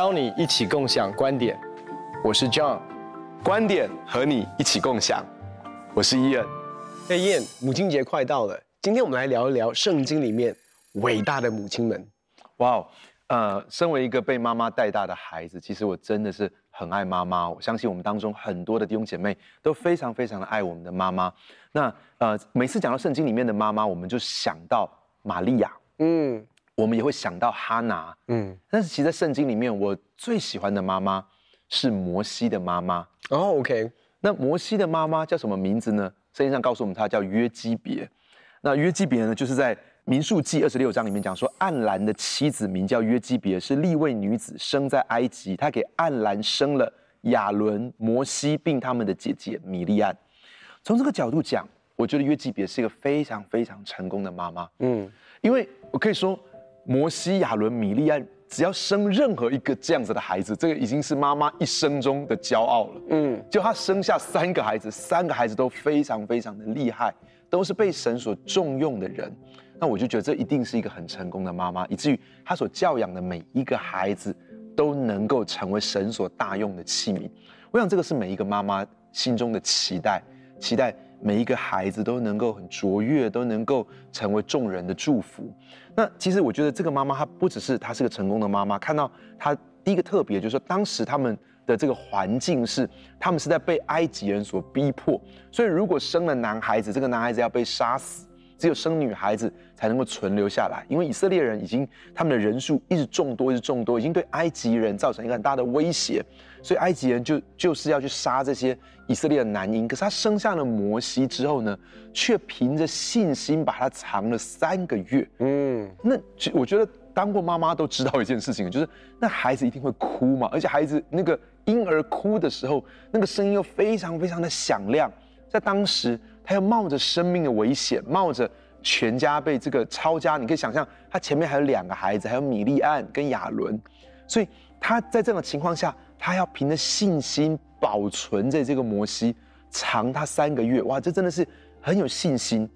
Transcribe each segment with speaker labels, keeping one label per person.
Speaker 1: 邀你一起共享觀點，我是 John，觀點和你一起共享，我是 Ian。哎，Hey，Ian，母親節快到了，今天我們來聊一聊聖經裡面偉大的母親們。哇哦，呃，身為一個
Speaker 2: 被媽媽帶大的孩子，其實我真的是很愛媽媽。我相信我們當中很多的弟兄姐妹都非常非常的愛我們的媽媽。那呃，每次講到聖經裡面的媽媽，我們就想到瑪利亞。嗯。我們也會想到哈拿，嗯，但是其實在聖經裡面我最喜歡的媽媽是摩西的媽媽哦、oh，OK。那摩西的媽媽叫什麼名字呢？聖經上告訴我們，她叫約基別。那約基別呢，就是在民數記二十六章裡面講說，暗蘭的妻子名叫約基別，是利未女子，生在埃及，她給暗蘭生了亞倫、摩西，並他們的姐姐米利暗。從這個角度講，我覺得約基別是一個非常非常成功的媽媽，嗯，因為我可以說。摩西、亞倫、米利暗，只要生任何一個這樣子的孩子，這個已經是媽媽一生中的驕傲了。嗯，就她生下三個孩子，三個孩子都非常非常的厲害，都是被神所重用的人。那我就覺得這一定是一個很成功的媽媽，以至於她所教養的每一個孩子都能夠成為神所大用的器皿。我想這個是每一個媽媽心中的期待，期待。每一個孩子都能夠很卓越，都能夠成為眾人的祝福。那其實我覺得這個媽媽她不只是她是個成功的媽媽，看到她第一個特別就是說，當時他們的這個環境是他們是在被埃及人所逼迫，所以如果生了男孩子，這個男孩子要被殺死，只有生女孩子才能夠存留下來，因為以色列人已經他們的人數一直眾多，一直眾多，已經對埃及人造成一個很大的威脅，所以埃及人就就是要去殺這些。以色列的男嬰，可是他生下了摩西之後呢，卻憑着信心把他藏了三個月。嗯，那我覺得當過媽媽都知道一件事情，就是那孩子一定會哭嘛，而且孩子那個嬰兒哭的時候，那個聲音又非常非常的響亮。在當時，他要冒着生命的危險，冒着全家被這個抄家，你可以想象，他前面還有兩個孩子，還有米利暗跟亞倫，所以他在這樣的情況下，他要憑着信心。保存在這個摩西藏它，三個月，哇，這真的是很有信心，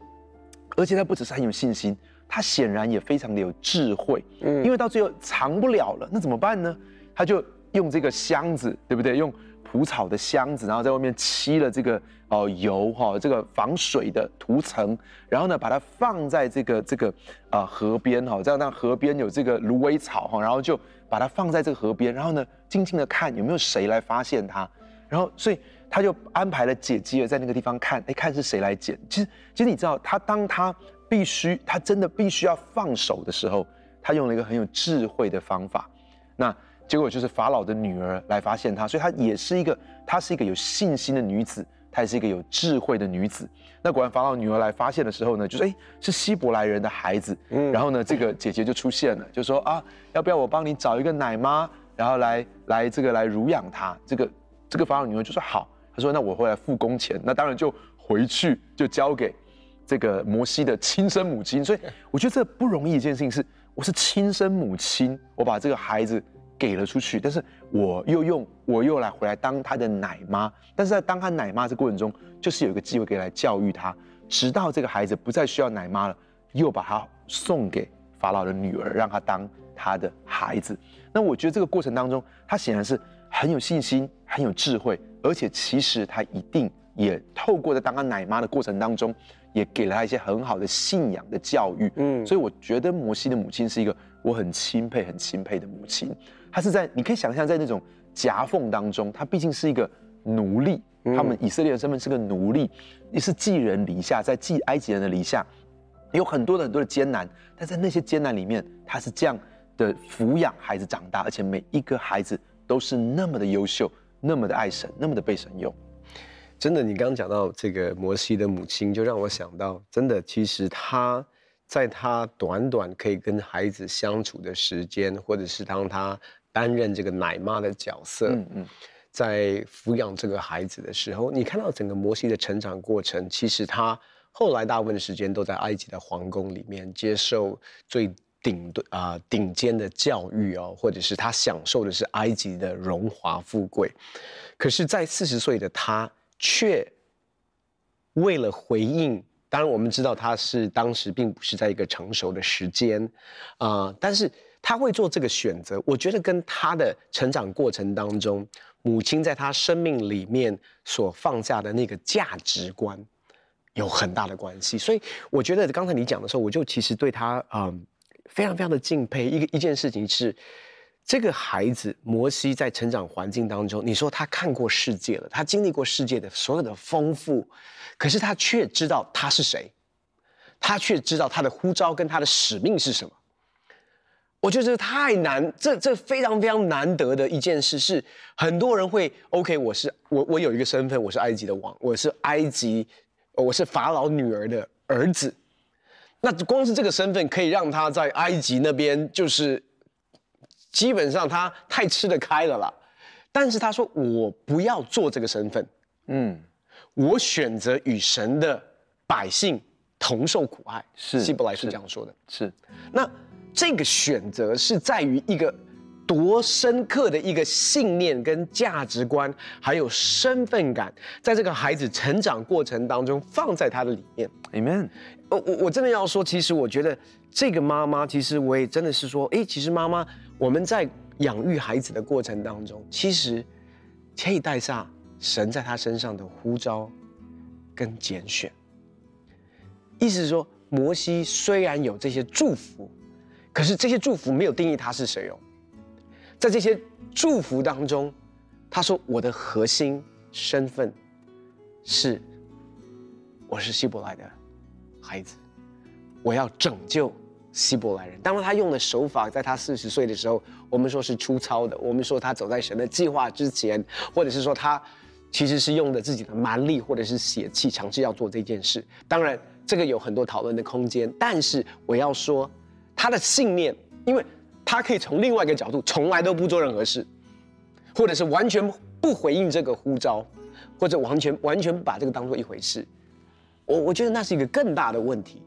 Speaker 2: 而且他不只是很有信心，他顯然也非常的有智慧，嗯，因為到最後藏不了了，那怎麼辦呢？他就用這個箱子，對不對？用蒲草的箱子，然後在外面漆了這個哦油哈，這個防水的塗層，然後呢，把它放在這個這個啊河邊哈，這樣讓河邊有這個蘆葦草哈，然後就把它放在這個河邊，然後呢，靜靜的看有沒有誰來發現它。然後，所以他就安排了姐姐在那個地方看，哎，看是誰來撿。其實，其實你知道，他當他必須，他真的必須要放手的時候，他用了一個很有智慧的方法。那結果就是法老的女兒來發現他，所以他也是一個，她是一個有信心的女子，她也是一個有智慧的女子。那果然法老女兒來發現的時候呢，就是哎，是希伯來人的孩子。嗯，然後呢，這個姐姐就出現了，就說：“啊，要不要我幫你找一個奶媽，然後來來這個來乳養他？”這個。這個法老女兒就說：“好。”她說：“那我會來付工錢，那當然就回去，就交給這個摩西的親生母親。”所以我覺得這不容易一件事情是：我是親生母親，我把這個孩子給了出去，但是我又用我又來回來當他的奶媽。但是在當他奶媽這過程中，就是有一個機會可以來教育他，直到這個孩子不再需要奶媽了，又把他送給法老的女兒，讓他當他的孩子。那我覺得這個過程當中，他顯然是很有信心。很有智慧，而且其實他一定也透過在當個奶媽的過程當中，也給了他一些很好的信仰的教育。嗯，所以我覺得摩西的母親是一個我很欽佩、很欽佩的母親。她是在你可以想象，在那種夾縫當中，她畢竟是一個奴隸，嗯，他們以色列人身份是個奴隸，也是寄人籬下，在寄埃及人的籬下，有很多的很多的艱難。但在那些艱難裡面，她是這樣的撫養孩子長大，而且
Speaker 1: 每一個孩子都是那麼的優秀。那麼的愛神，那麼的被神用，真的，你剛剛講到這個摩西的母親，就讓我想到，真的，其實她在她短短可以跟孩子相處的時間，或者是當她擔任這個奶媽的角色，在撫養這個孩子的時候，你看到整個摩西的成長過程，其實他後來大部分的時間都在埃及的皇宮裡面接受最。頂的啊，頂、呃、頂尖的教育哦，或者是他享受的是埃及的榮華富貴，可是，在四十歲的他卻為了回應，當然我們知道他是當時並不是在一個成熟的時間啊、呃，但是他會做這個選擇，我覺得跟他的成長過程當中，母親在他生命裡面所放下的那個價值觀有很大的關係，所以我覺得剛才你講的時候，我就其實對他嗯。呃非常非常的敬佩一個一件事情是，這個孩子摩西在成長環境當中，你說他看過世界了，他經歷過世界的所有的豐富，可是他卻知道他是誰，他卻知道他的呼召跟他的使命是什麼。我覺得這太難，這這非常非常難得的一件事是，是很多人會 OK，我是我我有一個身份，我是埃及的王，我是埃及，我是法老女兒的兒子。那光是這個身份，可以讓他在埃及那邊，就是基本上他太吃得開了啦。但是他說：“我不要做這個身份，嗯，我選擇與神的百姓同受苦害。”是，希伯來是這樣說的。是。是是那這個選擇是在於一個多深刻的一個信念跟價值觀，還有身份感，在這個孩子成長過程當中放在他的裡面。Amen。我我真的要說，其實我覺得這個媽媽，其實我也真的是說，哎，其實媽媽，我們在養育孩子的過程當中，其實，可以帶上神在他身上的呼召跟揀選。意思是說，摩西雖然有這些祝福，可是這些祝福沒有定義他是誰哦。在這些祝福當中，他說我的核心身份是，我是希伯來的。孩子，我要拯救希伯來人。當然，他用的手法，在他四十歲的時候，我們說是粗糙的。我們說他走在神的計劃之前，或者是說他其實是用的自己的蠻力或者是血氣，嘗試要做這件事。當然，這個有很多討論的空間。但是我要說，他的信念，因為他可以從另外一個角度，從來都不做任何事，或者是完全不回應這個呼召，或者完全完全不把這個當做一回事。我我覺得那是一個更大的問題，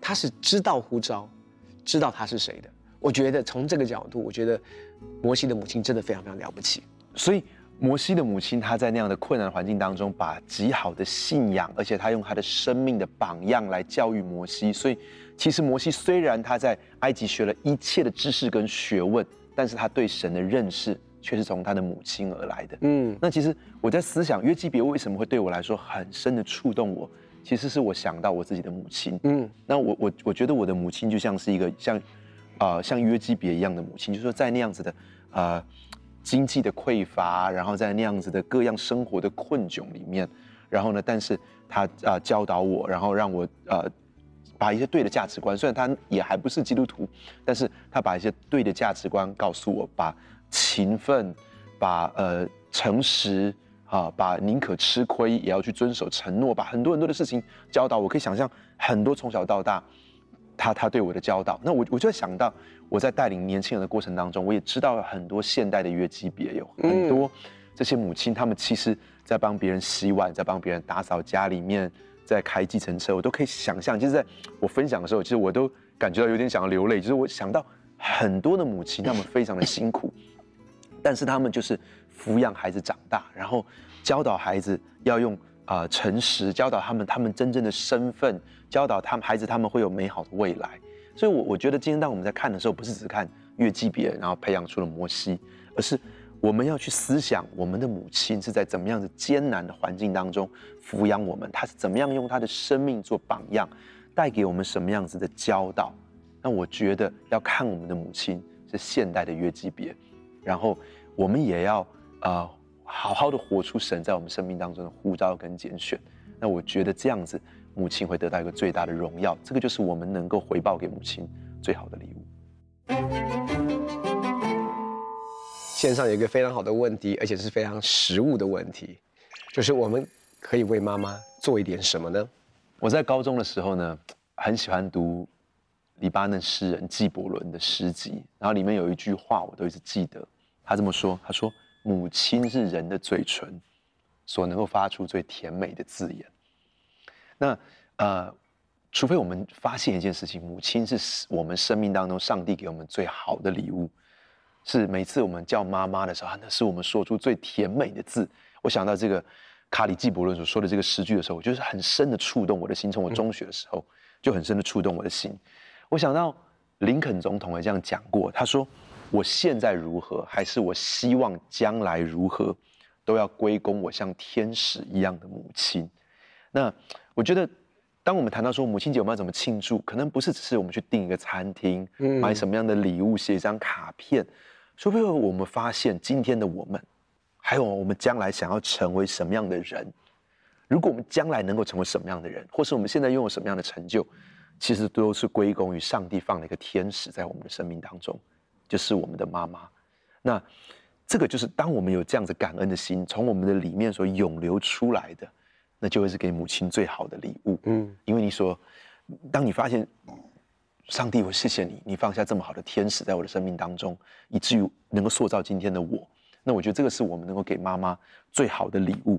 Speaker 1: 他是知道呼召，知道他是誰的。我覺得從這個角度，我覺得摩西的母親真的非常非常了不起。所以摩西的母親，她在那樣的困難環境當中，把
Speaker 2: 極好的信仰，而且她用她的生命的榜樣來教育摩西。所以其實摩西雖然他在埃及學了一切的知識跟學問，但是他對神的認識卻是從他的母親而來的。嗯，那其實我在思想約基別為什麼會對我來說很深的觸動我？其實是我想到我自己的母親，嗯，那我我我覺得我的母親就像是一個像，啊、呃、像約基別一樣的母親，就是說在那樣子的，呃，經濟的匱乏，然後在那樣子的各樣生活的困窘裡面，然後呢，但是他啊、呃、教導我，然後讓我呃把一些對的價值觀，雖然他也還不是基督徒，但是他把一些對的價值觀告訴我，把勤奮，把呃誠實。啊，把寧可吃虧也要去遵守承諾，把很多很多的事情教導我。可以想象很多從小到大，他他對我的教導。那我我就想到我在帶領年輕人的過程當中，我也知道了很多現代的月級別有很多這些母親，他們其實在幫別人洗碗，在幫別人打掃家裡面，在開計程車。我都可以想象，就是在我分享的時候，其實我都感覺到有點想要流淚。就是我想到很多的母親，他們非常的辛苦，但是他們就是。撫養孩子長大，然後教導孩子要用呃誠實，教導他們他們真正的身份，教導他們孩子他們會有美好的未來。所以我，我我覺得今天當我們在看的時候，不是只看約基別，然後培養出了摩西，而是我們要去思想我們的母親是在怎麼樣子艱難的環境當中撫養我們，他是怎麼樣用他的生命做榜樣，帶給我們什麼樣子的教導。那我覺得要看我們的母親是現代的約基別，然後我們也要。啊，uh, 好好的活出神在我們生命當中的呼召跟揀選，那我覺得這樣子，母親會得到一個最大的榮耀。這個就是我們能夠
Speaker 1: 回報給母親最好的禮物。線上有一個非常好的問題，而且是非常實務的問題，就是我們可以為媽媽做一點什麼呢？我在高中的時候呢，很喜歡讀
Speaker 2: 黎巴嫩詩人紀伯倫的詩集，然後裡面有一句話我都一直記得，他這麼說，他說。母親是人的嘴唇，所能夠發出最甜美的字眼。那呃，除非我們發現一件事情，母親是我們生命當中上帝給我們最好的禮物，是每次我們叫媽媽的時候，那是我們說出最甜美的字。我想到這個卡里紀伯倫所說的這個詩句的時候，我就是很深的觸動我的心。從我中學的時候，就很深的觸動我的心。嗯、我想到林肯總統也這樣講過，他說。我現在如何，還是我希望將來如何，都要歸功我像天使一樣的母親。那我覺得，當我們談到說母親節我們要怎麼慶祝，可能不是只是我們去訂一個餐廳，買什麼樣的禮物，寫一張卡片。除非、嗯、我們發現今天的我們，還有我們將來想要成為什麼樣的人。如果我們將來能夠成為什麼樣的人，或是我們現在擁有什麼樣的成就，其實都是歸功於上帝放了一個天使在我們的生命當中。就是我們的媽媽，那這個就是當我們有這樣子感恩的心，從我們的裡面所湧流出來的，那就會是給母親最好的禮物。嗯，因為你說，當你發現上帝，我謝謝你，你放下這麼好的天使在我的生命當中，以至於能夠塑造今天的我，那我覺得這個是我們能夠給媽媽最好的禮物。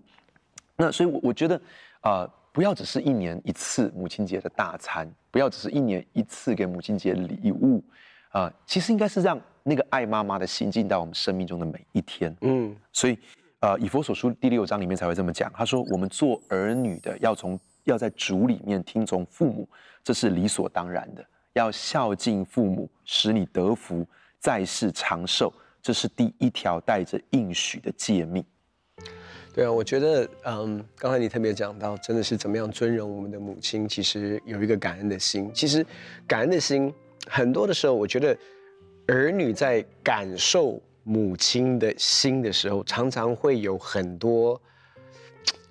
Speaker 2: 那所以我，我我覺得啊、呃，不要只是一年一次母親節的大餐，不要只是一年一次給母親節禮物。呃、其實應該是讓那個愛媽媽的心進到我們生命中的每一天。嗯，所以，呃，《以弗所書》第六章裡面才會這麼講。他說，我們做兒女的要從要在主裡面聽從父母，這是理所當然的。要孝敬父母，使你得福，在世長壽，這是第一條帶着應許的誡命。
Speaker 1: 對啊，我覺得，嗯，剛才你特別講到，真的是怎麼樣尊榮我們的母親，其實有一個感恩的心。其實，感恩的心。很多的時候，我覺得兒女在感受母親的心的時候，常常會有很多。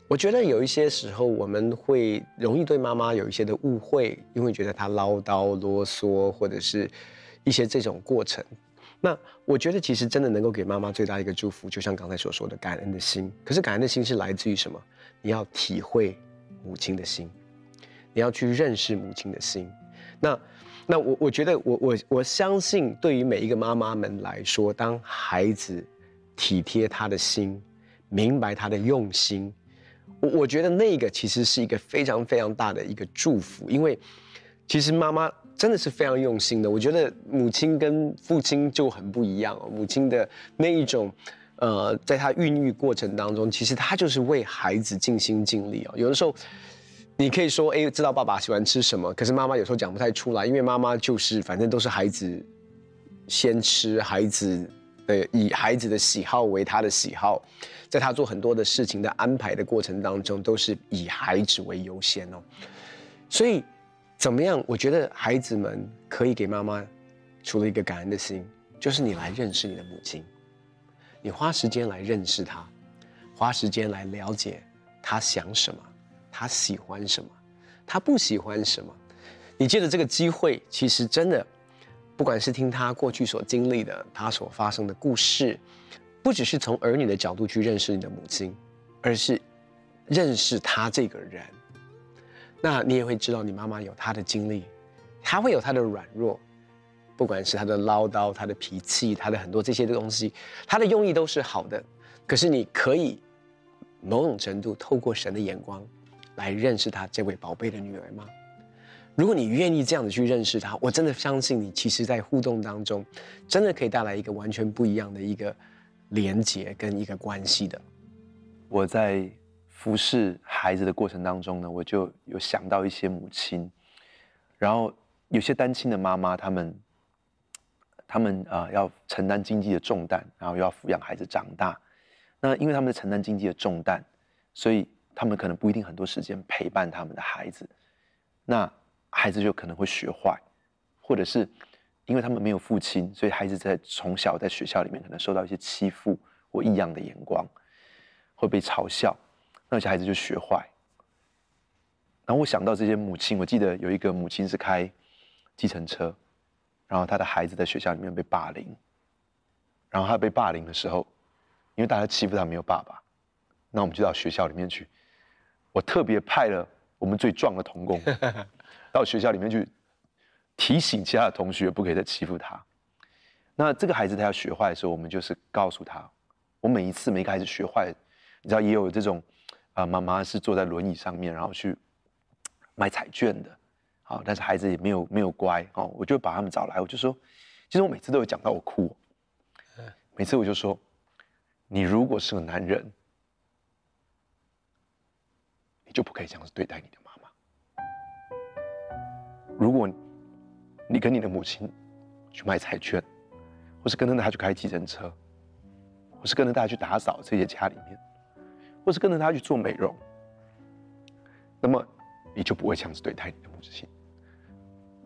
Speaker 1: 我覺得有一些時候，我們會容易對媽媽有一些的誤會，因為覺得她嘮叨囉嗦，或者是一些這種過程。那我覺得，其實真的能夠給媽媽最大一個祝福，就像剛才所說的，感恩的心。可是，感恩的心是來自於什麼？你要體會母親的心，你要去認識母親的心。那。那我我覺得我我我相信，對於每一個媽媽們來說，當孩子體貼他的心，明白他的用心，我我覺得那個其實是一個非常非常大的一個祝福，因為其實媽媽真的是非常用心的。我覺得母親跟父親就很不一樣，母親的那一種，呃，在她孕育過程當中，其實她就是為孩子盡心盡力。有的時候。你可以說，哎，知道爸爸喜歡吃什麼？可是媽媽有時候講不太出來，因為媽媽就是，反正都是孩子先吃，孩子的、呃、以孩子的喜好為他的喜好，在他做很多的事情的安排的過程當中，都是以孩子為優先哦。所以，怎麼樣？我覺得孩子們可以給媽媽除了一個感恩的心，就是你來認識你的母親，你花時間來認識她，花時間來了解她想什麼。他喜歡什麼，他不喜歡什麼，你借着這個機會，其實真的，不管是聽他過去所經歷的，他所發生的故事，不只是從兒女的角度去認識你的母親，而是認識他這個人。那你也會知道，你媽媽有她的經歷，她會有她的軟弱，不管是她的嘮叨、她的脾氣、她的很多這些東西，她的用意都是好的。可是你可以某種程度透過神的眼光。來認識她這位寶貝的女兒嗎？如果你願意這樣子去認識她，我真的相信你，其實，在互動當中，真的可以帶來一個完全不一樣的一個連接跟一個關係的。
Speaker 2: 我在服侍孩子的過程當中呢，我就有想到一些母親，然後有些單親的媽媽，她們，她們啊、呃，要承擔經濟的重擔，然後又要撫養孩子長大。那因為她們在承擔經濟的重擔，所以。他們可能不一定很多時間陪伴他們的孩子，那孩子就可能會學壞，或者是因為他們沒有父親，所以孩子在從小在學校裡面可能受到一些欺負或異樣的眼光，會被嘲笑，那有些孩子就學壞。然後我想到這些母親，我記得有一個母親是開計程車，然後她的孩子在學校裡面被霸凌，然後她被霸凌的時候，因為大家欺負她沒有爸爸，那我們就到學校裡面去。我特別派了我們最壯的同工到學校裡面去提醒其他的同學，不可以再欺負他。那這個孩子他要學壞的時候，我們就是告訴他：我每一次每一個孩子學壞，你知道也有這種啊，呃，媽媽是坐在輪椅上面，然後去買彩券的，好、哦，但是孩子也沒有沒有乖哦，我就把他們找來，我就說：其實我每次都有講到，我哭，每次我就說：你如果是個男人。就不可以這樣子對待你的媽媽。如果你跟你的母親去賣彩券，或是跟着她去開計程車，或是跟着她去打掃這些家裡面，或是跟着她去做美容，那麼你就不會這樣子對待你的母親，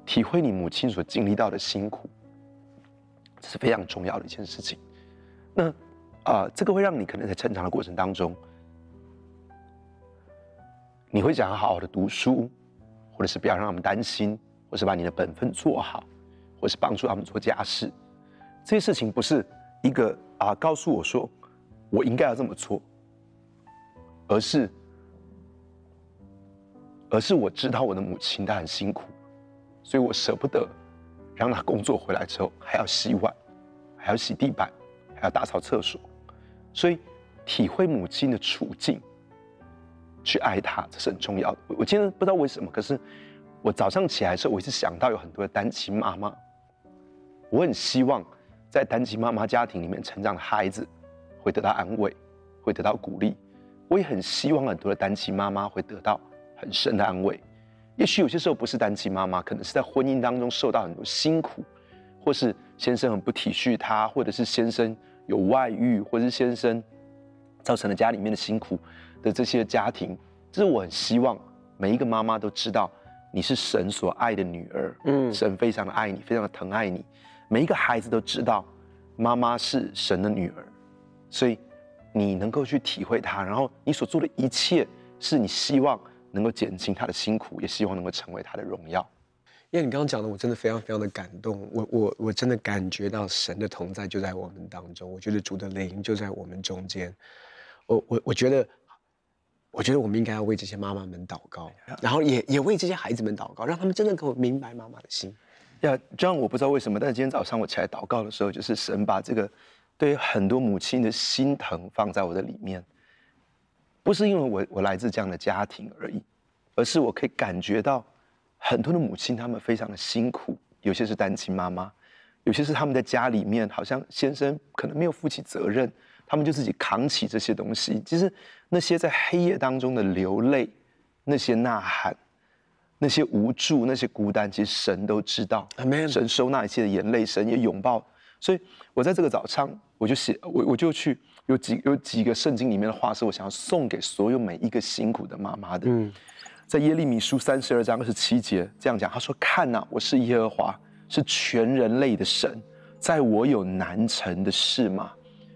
Speaker 2: 體會你母親所經歷到的辛苦，這是非常重要的一件事情那。那、呃、啊，這個會讓你可能在成長的過程當中。你會想要好好的讀書，或者是不要讓他們擔心，或是把你的本分做好，或是幫助他們做家事，這些事情不是一個啊告訴我說我應該要這麼做，而是而是我知道我的母親她很辛苦，所以我捨不得讓她工作回來之後還要洗碗，還要洗地板，還要打掃廁所，所以體會母親的處境。去愛她，這是很重要的。我今天不知道為什麼，可是我早上起來的時候，我一直想到有很多的單親媽媽。我很希望在單親媽媽家庭裡面成長的孩子會得到安慰，會得到鼓勵。我也很希望很多的單親媽媽會得到很深的安慰。也許有些時候不是單親媽媽，可能是在婚姻當中受到很多辛苦，或是先生很不體恤她，或者是先生有外遇，或是先生造成了家裡面的辛苦。的這些家庭，就是我很希望每一個媽媽都知道，你是神所愛的女兒，嗯，神非常的愛你，非常的疼愛你。每一個孩子都知道，媽媽是神的女兒，所以你能夠去體會她，然後你所做的一切是你希望能夠減輕她的辛苦，也希望能夠成為她的榮耀。因
Speaker 1: 為你剛剛講的，我真的非常非常的感動，我我我真的感覺到神的同在就在我們當中，我覺得主的靈就在我們中間，我我我覺得。我覺得我們應該要為這些媽媽們禱告，然後也也為這些孩子們禱告，讓他們真的給我明白媽媽的心。
Speaker 2: 要，雖然我不知道為什麼，但是今天早上我起來禱告的時候，就是神把這個對於很多母親的心疼放在我的裡面，不是因為我我來自這樣的家庭而已，而是我可以感覺到很多的母親他們非常的辛苦，有些是單親媽媽，有些是他們在家裡面好像先生可能沒有負起責任。他們就自己扛起這些東西。其實那些在黑夜當中的流淚，那些吶喊，那些無助，那些孤單，其實神都知道。神收納一切的眼淚，神也擁抱。所以，我在這個早上，我就寫，我我就去有幾有幾個聖經裡面的話，是我想要送給所有每一個辛苦的媽媽的。嗯，在耶利米書三十二章二十七節這樣講，他說：“看哪，我是耶和華，是全人類的神，在我有難成的事嗎？”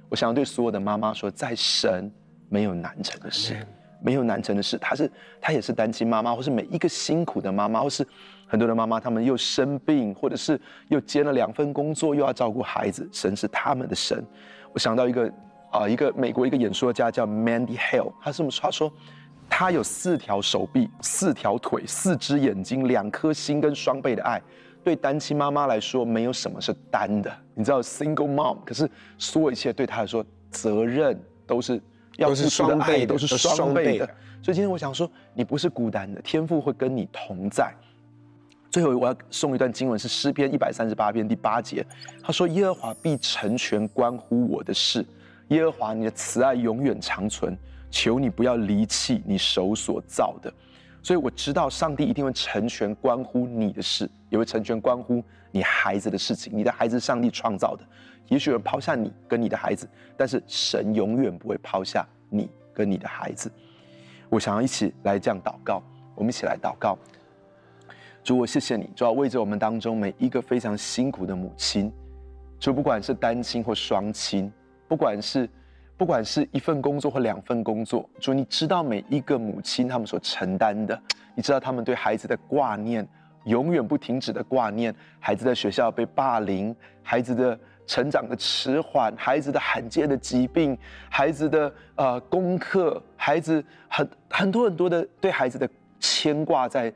Speaker 2: 我想要對所有的媽媽說，在神沒有難成的事，沒有難成的事。他是她也是單親媽媽，或是每一個辛苦的媽媽，或是很多的媽媽，他們又生病，或者是又兼了兩份工作，又要照顧孩子。神是他們的神。我想到一個啊、呃，一個美國一個演說家叫 Mandy Hale，他這麼說，他說他有四條手臂、四條腿、四隻眼睛、兩顆心跟雙倍的愛。對單親媽媽來說，沒有什麼是單的，你知道，single mom。可是，所有一切對她來說，責任都是要付出的愛，都是雙倍的。所以，今天我想說，你不是孤單的，天父會跟你同在。嗯，最後，我要送一段經文，是詩篇一百三十八篇第八節，他說：“耶和華必成全關乎我的事，耶和華你的慈愛永遠長存，求你不要離棄你手所造的。”所以我知道，上帝一定會成全關乎你的事，也會成全關乎你孩子的事情。你的孩子，上帝創造的，也許有人拋下你跟你的孩子，但是神永遠不會拋下你跟你的孩子。我想要一起來這樣禱告，我們一起來禱告。主，我謝謝你，主要為着我們當中每一個非常辛苦的母親，就不管是單親或雙親，不管是。不管是一份工作或兩份工作，就你知道每一個母親他們所承擔的，你知道他們對孩子的掛念，永遠不停止的掛念。孩子在學校被霸凌，孩子的成長的遲緩，孩子的罕見的疾病，孩子的呃功課，孩子很很多很多的對孩子的牽掛在，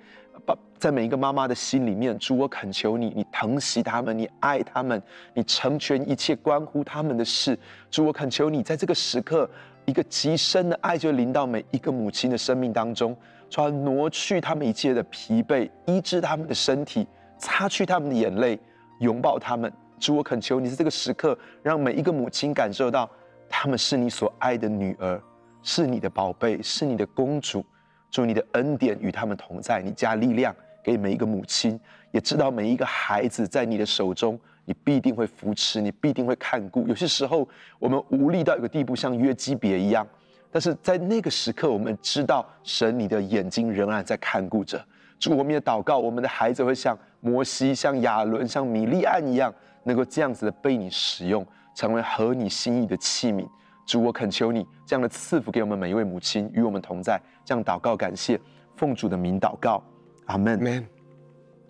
Speaker 2: 在每一個媽媽的心裡面，主我懇求你，你疼惜他們，你愛他們，你成全一切關乎他們的事。主我懇求你，在這個時刻，一個極深的愛就臨到每一個母親的生命當中，從而挪去他們一切的疲憊，醫治他們的身體，擦去他們的眼淚，擁抱他們。主我懇求你，在這個時刻，讓每一個母親感受到，他們是你所愛的女兒，是你的寶貝，是你的公主。祝你的恩典與他們同在，你加力量。給每一個母親，也知道每一個孩子在你的手中，你必定會扶持，你必定會看顧。有些時候，我們無力到一個地步，像約基別一樣，但是在那個時刻，我們知道神，你的眼睛仍然在看顧着。主，我們的禱告，我們的孩子會像摩西、像亞倫、像米利暗一樣，能夠這樣子的被你使用，成為合你心意的器皿。主，我懇求你這樣的賜福給我們每一位母親，與我們同在。這樣禱告，感謝奉主的名禱告。阿門。Amen. Amen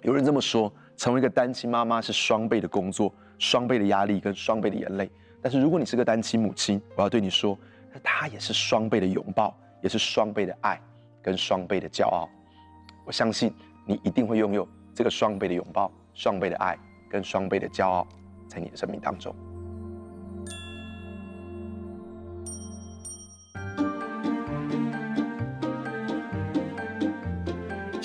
Speaker 2: 有人這麼說，成為一個單親媽媽是雙倍的工作、雙倍的壓力跟雙倍的眼淚。但是如果你是個單親母親，我要對你說，那她也是雙倍的擁抱，也是雙倍的愛跟雙倍的驕傲。我相信你一定會擁有這個雙倍的擁抱、雙倍的愛跟雙倍的驕傲，在你的生命當中。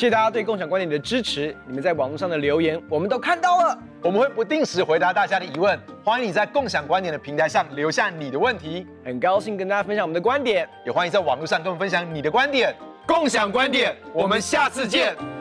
Speaker 1: 謝謝大家對共享觀點的支持，你們在網絡上的留言我們都看到了，我們會不定時回答大家的疑問。歡迎你在共享觀點的平台上留下你的問題，很高興跟大家分享我們的觀點，也歡迎在網絡上跟我們分享你的觀點。共享觀點，我們下次見。